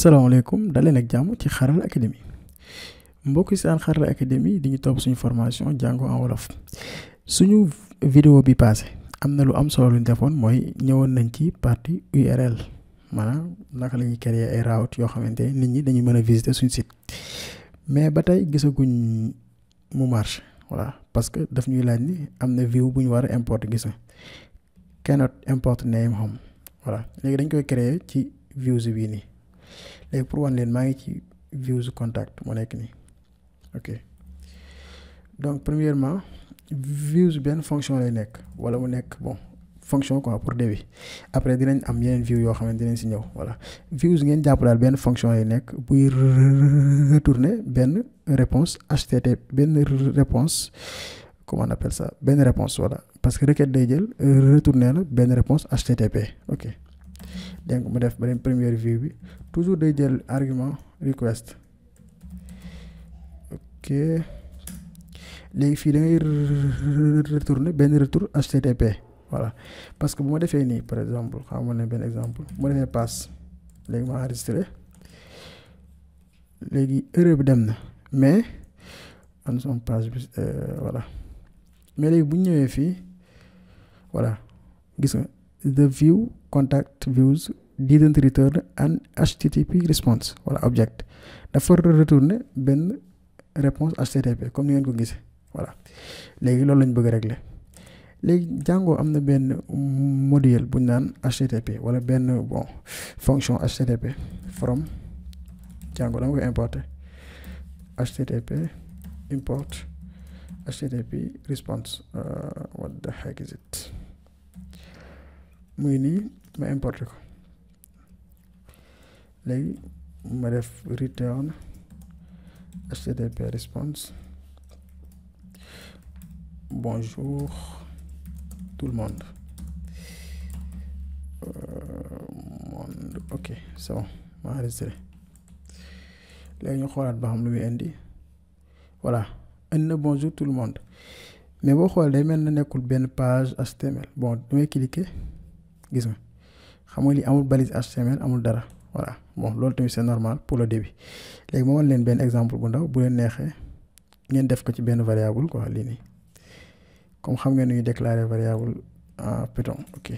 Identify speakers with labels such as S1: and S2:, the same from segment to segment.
S1: salaamaaleykum daleen ak jàmm ci Xarala Academy mbokk yi seen Xarala Academy di ñu topp suñu formation jàngu en wolof suñu video bi passé am na lu am solo lu ñu defoon mooy ñëwoon nañ ci partie URL maanaam naka lañuy créer ay route yoo xamante nit ñi dañuy mën a suñu site mais ba tey gisaguñ mu marche voilà parce que daf ñuy laaj ni am na view bu ñu war a importer gis nga cannot import name home voilà léegi dañ koy créer ci views bii nii. léegi pour wan leen maa views contact mu nekk ok donc premièrement views benn fonction lay nekk wala mu nekk bon fonction quoi pour dev. après dinañ am yeneen view yoo xam ne dinañ si ñëw voilà views ngeen jàpp daal benn fonction lay nekk buy retourner benn réponse http benn réponse comment on appelle ça benn réponse voilà parce que requête day jël retourner la benn réponse http ok donc, mu def ba première view bi toujours des jël argument request ok les fii da ngay retourner benn retour http voilà parce que bu ma defee nii par exemple xam nga ne benn exemple bu ma defee pass léegi ma enregistré léegi erreur bi dem na mais en son page euh, voilà mais les bu ñëwee fii voilà gis nga the view contact views didn't return an HTTP response wala object dafa retourner benn réponse HTTP comme ni ngeen ko gisee voilà léegi loolu lañ bëgg a léegi jàngoo am na benn module bu ñu naan HTTP wala benn bon fonction HTTP from Django dama koy importer HTTP import HTTP response euh, what the heck muy nii ma importé ko léegi ma def return http response bonjour tout le monde euh, monde ok c'est bon ma enregistré léegi ñu xoolaat ba xam lu muy indi voilà indi na bonjour tout le monde mais boo xool day mel na nekkul benn page HTML bon damay cliquer gis nga xam nga li amul balise HTML amul dara voilà bon loolu tamit c'est normal pour le début léegi ma wan leen benn exemple bu ndaw bu leen neexee ngeen def ko ci benn variable quoi lii nii comme xam ngeen ñuy déclarer variable en Python ok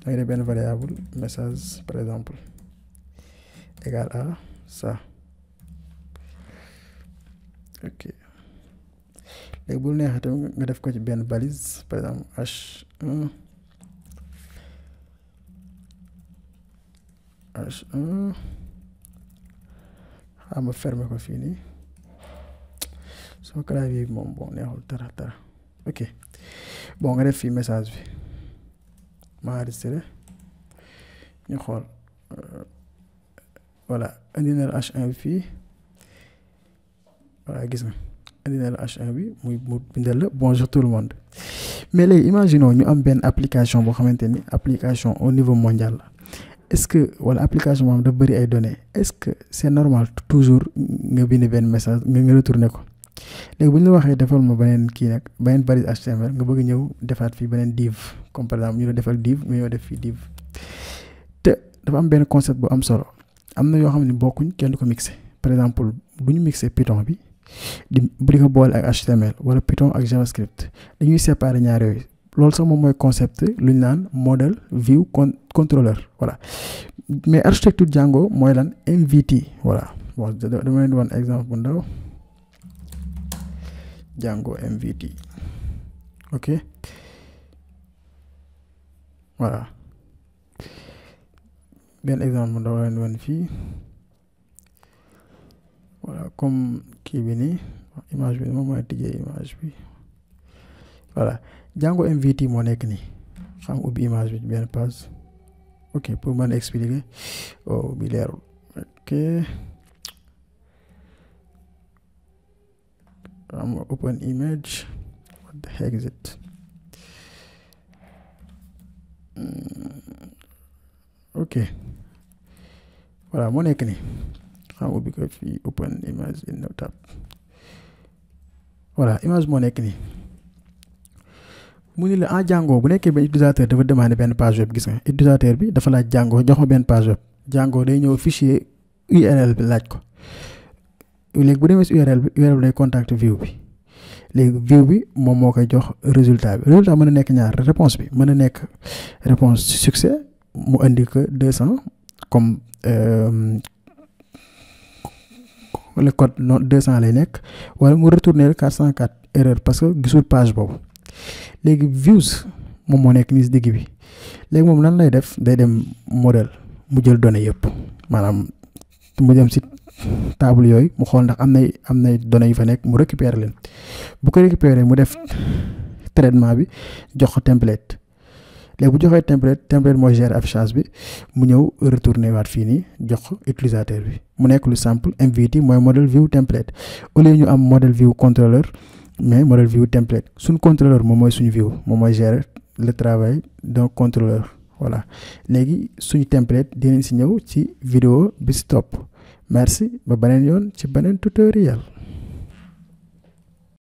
S1: dangay def benn variable message par exemple égal à ça ok léegi bu neexee tamit nga def ko ci benn balise par exemple h1 H1 hmm. xaaral ah, ma fermer ko fii clavier bi moom bon neexul dara dara ok bon nga def le message bi ma enregistré ñu xool euh, voilà indi na H1 bi voilà gis na indi H1 bi bonjour tout le monde mais là, imaginons ñu am une application application au niveau mondial est-ce que wala application moom de bëri ay données est-ce que c'est normal toujours nga bind benn message nga nga retourné ko léegi bu ñu la waxee defal ma beneen kii nag beneen paris HTML nga bëgg ñëw defaat fii beneen div comme par exemple ñu la defal div nga ñëw def fii div te dafa am benn concept bu am solo am na yoo xam ne bokkuñ kenn du ko mixé par exemple bu ñu mixé Python bi di bu di ko boole ak HTML wala Python ak JavaScript dañuy séparer ñaar yooyu loolu sax moom mooy concept luñ ñu naan model view con contrôleur voilà mais architecture Django moy lan MVT voilà bon je leen di wan exemple bu ndaw Django MVT ok voilà benn exemple bu ndaw len di fi voilà comme kii bi image bi moom mooy image bi voilà Django MVT mo nek ni xam ubi image bi benn page okay perubahan XP dia oh biliar okay I'm open image what the heck is it mm, okay voilà mon écran I will be if we open image in no tab voilà image mon écran mu ne en Django ah, bu nekkee ben utilisateur dafa demander ben page web gis nga utilisateur bi dafa la Django jox ben page web Django day ñew fichier URL bi laaj ko léegi bu demee URL bi URL bi contact view bi léegi view bi mom moo jox résultat bi résultat mëna nek ñaar réponse bi mëna nek réponse succès mu indique que deux cent comme euh, le code 200 lay nek wala mu retourner 404 erreur parce que gisul page boobu. léegi views moom moo nekk nii si digg bi léegi moom lan lay def day dem model mu jël données yëpp maanaam mu dem si table yooyu mu xool ndax am na am nay données yu fa nekk mu récupérer leen bu ko récupérer mu def traitement bi jox ko template léegi bu joxee template template mooy gérer affichage bi mu ñëw retourner waat fii nii jox utilisateur bi mu nekk lu simple MVT mooy model view template au ñu am model view contrôleur mais model view template suñ contrôleur moom mooy suñu view moom mooy gérer le travail d'un contrôleur voilà léegi suñu template dinañ si ñëw ci vidéo bi si topp merci ba beneen yoon ci beneen tutoriel